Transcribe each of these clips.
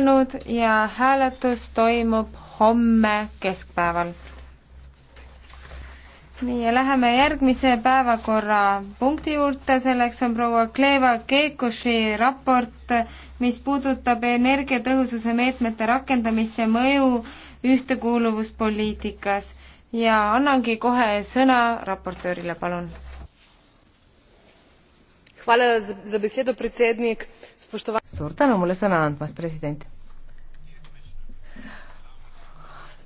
lõppenud ja hääletus toimub homme keskpäeval. nii ja läheme järgmise päevakorrapunkti juurde, selleks on proua Kleva Keekuši raport, mis puudutab energiatõhususe meetmete rakendamist ja mõju ühtekuuluvuspoliitikas ja annangi kohe sõna raportöörile, palun suur tänu mulle sõna andmast president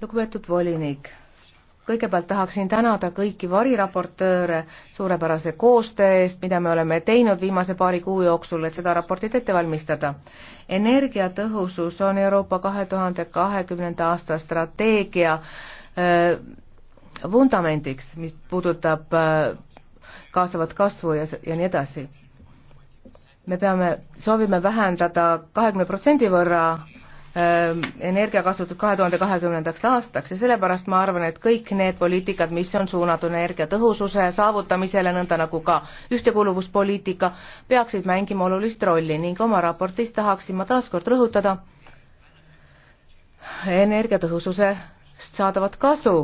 lugupeetud volinik kõigepealt tahaksin tänada kõiki variraportööre suurepärase koostöö eest, mida me oleme teinud viimase paari kuu jooksul, et seda raportit ette valmistada. energiatõhusus on Euroopa kahe tuhande kahekümnenda aasta strateegia äh, vundamendiks, mis puudutab äh, kaasavat kasvu ja, ja nii edasi me peame, soovime vähendada kahekümne protsendi võrra ähm, energiakasutust kahe tuhande kahekümnendaks aastaks ja sellepärast ma arvan, et kõik need poliitikad, mis on suunatud energiatõhususe saavutamisele, nõnda nagu ka ühtekuuluvuspoliitika, peaksid mängima olulist rolli ning oma raportis tahaksin ma taaskord rõhutada energiatõhususest saadavat kasu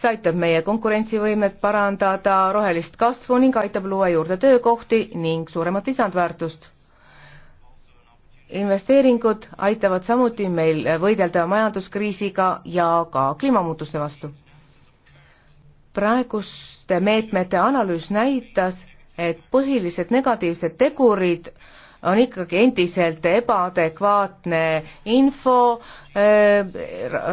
see aitab meie konkurentsivõimet parandada, rohelist kasvu ning aitab luua juurde töökohti ning suuremat lisandväärtust. investeeringud aitavad samuti meil võidelda majanduskriisiga ja ka kliimamuutuste vastu. praeguste meetmete analüüs näitas, et põhilised negatiivsed tegurid on ikkagi endiselt ebaadekvaatne info, äh,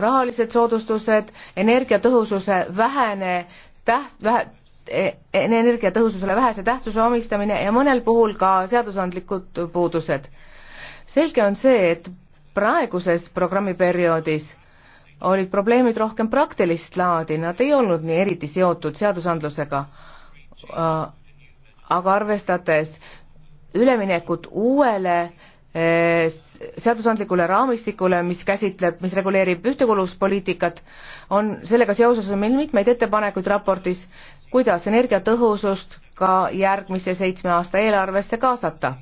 rahalised soodustused, energiatõhususe vähene täht-, vähe, e-, e-, energiatõhususele vähese tähtsuse omistamine ja mõnel puhul ka seadusandlikud puudused. selge on see, et praeguses programmiperioodis olid probleemid rohkem praktilist laadi, nad ei olnud nii eriti seotud seadusandlusega, aga arvestades üleminekut uuele eh, seadusandlikule raamistikule, mis käsitleb, mis reguleerib ühtekuuluvuspoliitikat, on, sellega seoses on meil mitmeid ettepanekuid raportis, kuidas energiatõhusust ka järgmise seitsme aasta eelarvesse kaasata.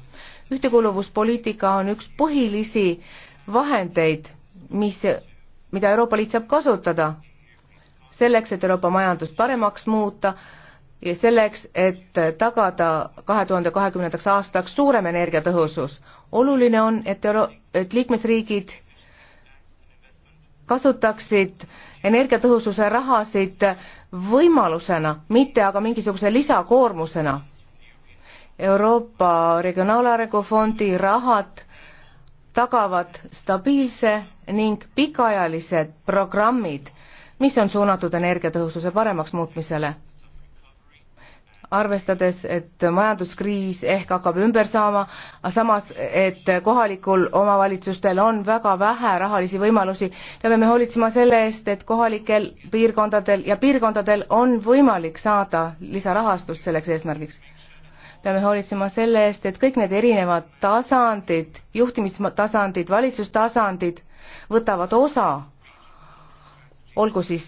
ühtekuuluvuspoliitika on üks põhilisi vahendeid, mis, mida Euroopa Liit saab kasutada selleks, et Euroopa majandust paremaks muuta, ja selleks, et tagada kahe tuhande kahekümnendaks aastaks suurem energiatõhusus. oluline on, et euro-, et liikmesriigid kasutaksid energiatõhususe rahasid võimalusena, mitte aga mingisuguse lisakoormusena. Euroopa Regionaalarengu Fondi rahad tagavad stabiilse ning pikaajalised programmid, mis on suunatud energiatõhususe paremaks muutmisele arvestades, et majanduskriis ehk hakkab ümber saama, aga samas, et kohalikul omavalitsustel on väga vähe rahalisi võimalusi, peame me hoolitsema selle eest, et kohalikel piirkondadel ja piirkondadel on võimalik saada lisarahastust selleks eesmärgiks. peame hoolitsema selle eest, et kõik need erinevad tasandid, juhtimistasandid, valitsustasandid võtavad osa olgu siis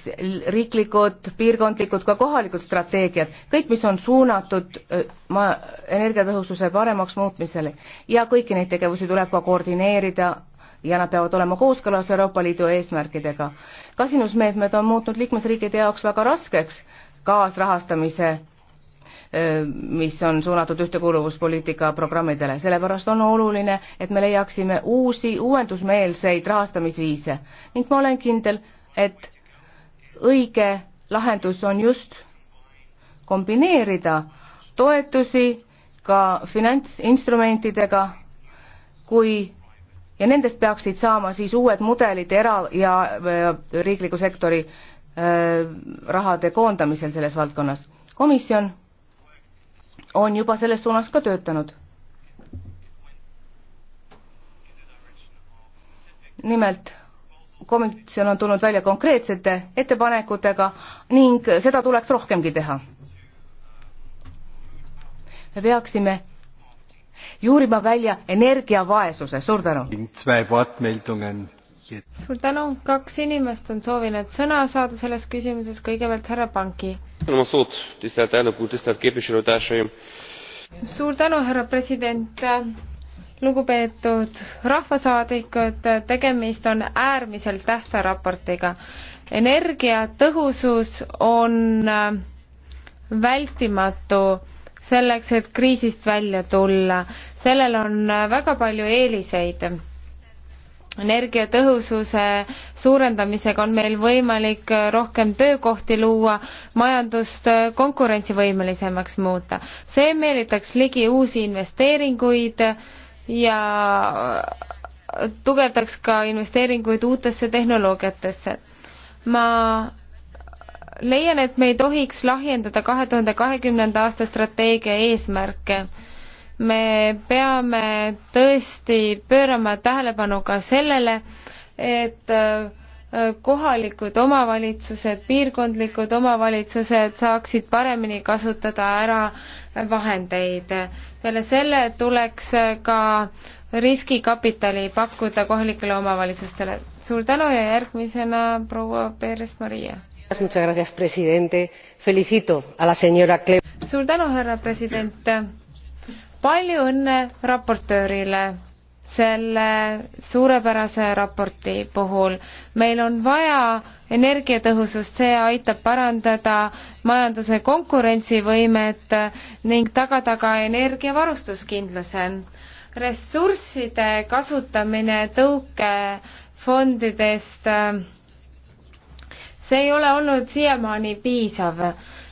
riiklikud, piirkondlikud, ka kohalikud strateegiad, kõik, mis on suunatud ma-, energiatõhususe paremaks muutmisele ja kõiki neid tegevusi tuleb ka koordineerida ja nad peavad olema kooskõlas Euroopa Liidu eesmärkidega. kasinusmeetmed on muutnud liikmesriikide jaoks väga raskeks kaasrahastamise mis on suunatud ühtekuuluvuspoliitika programmidele, sellepärast on oluline, et me leiaksime uusi uuendusmeelseid rahastamisviise ning ma olen kindel, et õige lahendus on just kombineerida toetusi ka finantsinstrumentidega, kui ja nendest peaksid saama siis uued mudelid era- ja äh, riikliku sektori äh, rahade koondamisel selles valdkonnas. komisjon on juba selles suunas ka töötanud. nimelt komisjon on tulnud välja konkreetsete ettepanekutega ning seda tuleks rohkemgi teha. me peaksime juurima välja energiavaesuse, suur tänu. suur tänu, kaks inimest on soovinud sõna saada selles küsimuses, kõigepealt härra Panki. suur tänu, härra president lugupeetud rahvasaadikud, tegemist on äärmiselt tähtsa raportiga. energiatõhusus on äh, vältimatu selleks, et kriisist välja tulla. sellel on äh, väga palju eeliseid. energiatõhususe suurendamisega on meil võimalik äh, rohkem töökohti luua, majandust konkurentsivõimelisemaks muuta. see meelitaks ligi uusi investeeringuid ja tugevdaks ka investeeringuid uutesse tehnoloogiatesse. ma leian, et me ei tohiks lahjendada kahe tuhande kahekümnenda aasta strateegia eesmärke. me peame tõesti pöörama tähelepanu ka sellele, et kohalikud omavalitsused, piirkondlikud omavalitsused saaksid paremini kasutada ära vahendeid. peale selle tuleks ka riskikapitali pakkuda kohalikele omavalitsustele. suur tänu ja järgmisena proua Peres Maria. suur tänu, härra president. palju õnne raportöörile selle suurepärase raporti puhul. meil on vaja energiatõhusust, see aitab parandada majanduse konkurentsivõimet ning tagada ka energiavarustuskindluse. ressursside kasutamine tõukefondidest, see ei ole olnud siiamaani piisav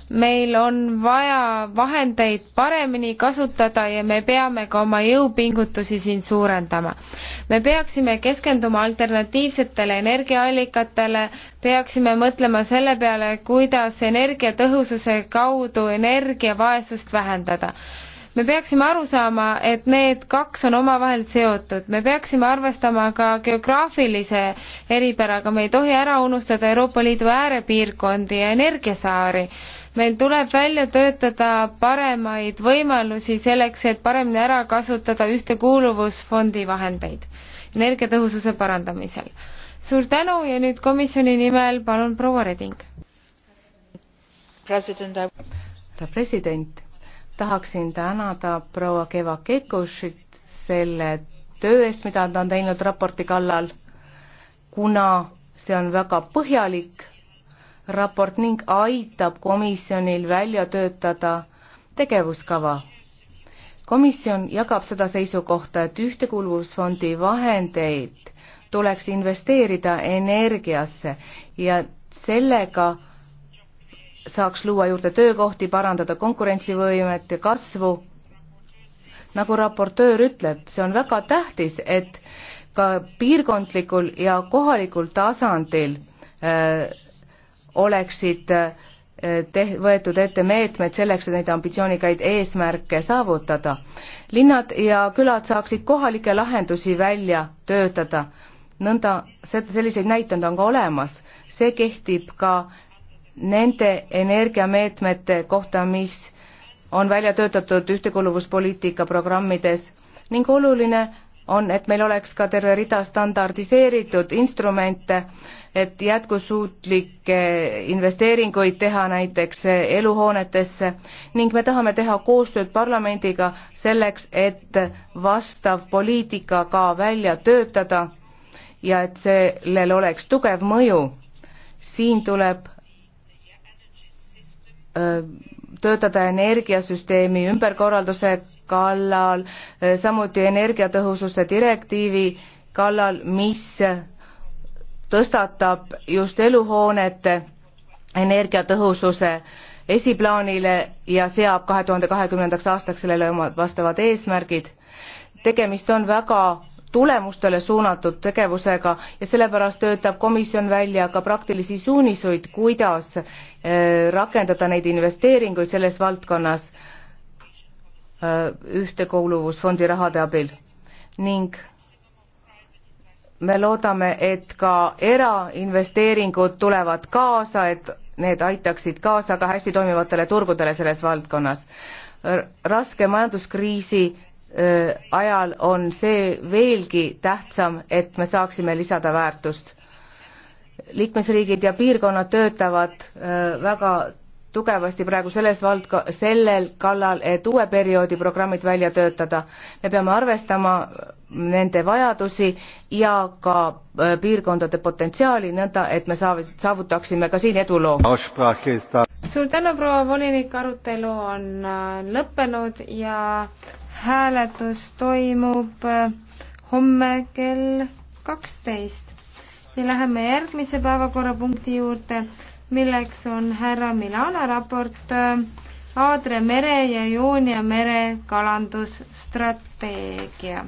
meil on vaja vahendeid paremini kasutada ja me peame ka oma jõupingutusi siin suurendama. me peaksime keskenduma alternatiivsetele energiaallikatele, peaksime mõtlema selle peale, kuidas energiatõhususe kaudu energiavaesust vähendada me peaksime aru saama, et need kaks on omavahel seotud, me peaksime arvestama ka geograafilise eripäraga, me ei tohi ära unustada Euroopa Liidu äärepiirkondi ja energiasaari meil tuleb välja töötada paremaid võimalusi selleks, et paremini ära kasutada ühtekuuluvusfondi vahendeid energiatõhususe parandamisel. suur tänu ja nüüd komisjoni nimel palun proua Reding. härra president, tahaksin tänada proua Keva Kekušit selle töö eest, mida ta on teinud raporti kallal, kuna see on väga põhjalik raport ning aitab komisjonil välja töötada tegevuskava. komisjon jagab seda seisukohta, et Ühtekuuluvusfondi vahendeid tuleks investeerida energiasse ja sellega saaks luua juurde töökohti, parandada konkurentsivõimet ja kasvu. nagu raportöör ütleb, see on väga tähtis, et ka piirkondlikul ja kohalikul tasandil äh, oleksid äh, te-, võetud ette meetmed selleks, et neid ambitsioonikaid eesmärke saavutada. linnad ja külad saaksid kohalikke lahendusi välja töötada. nõnda, selliseid näiteid on ka olemas. see kehtib ka nende energiameetmete kohta, mis on välja töötatud ühtekuuluvuspoliitika programmides ning oluline on, et meil oleks ka terve rida standardiseeritud instrumente, et jätkusuutlikke investeeringuid teha näiteks eluhoonetesse ning me tahame teha koostööd parlamendiga selleks, et vastav poliitika ka välja töötada ja et sellel oleks tugev mõju. siin tuleb töötada energiasüsteemi ümberkorralduse kallal, samuti energiatõhususe direktiivi kallal, mis tõstatab just eluhoonete energiatõhususe äh, esiplaanile ja seab kahe tuhande kahekümnendaks aastaks sellele oma vastavad eesmärgid. tegemist on väga tulemustele suunatud tegevusega ja sellepärast töötab komisjon välja ka praktilisi suuniseid, kuidas äh, rakendada neid investeeringuid selles valdkonnas äh, ühtekuuluvusfondi rahade abil ning me loodame, et ka erainvesteeringud tulevad kaasa, et need aitaksid kaasa ka hästi toimivatele turgudele selles valdkonnas. raske majanduskriisi ajal on see veelgi tähtsam, et me saaksime lisada väärtust. liikmesriigid ja piirkonnad töötavad väga tugevasti praegu selles valdko-, sellel kallal, et uue perioodi programmid välja töötada. me peame arvestama nende vajadusi ja ka äh, piirkondade potentsiaali, nõnda et me saav-, saavutaksime ka siin eduloo. suur tänu, proua volinik, arutelu on äh, lõppenud ja hääletus toimub äh, homme kell kaksteist ja läheme järgmise päevakorrapunkti juurde milleks on härra Milana raport äh, Aadre mere ja Joonia mere kalandusstrateegia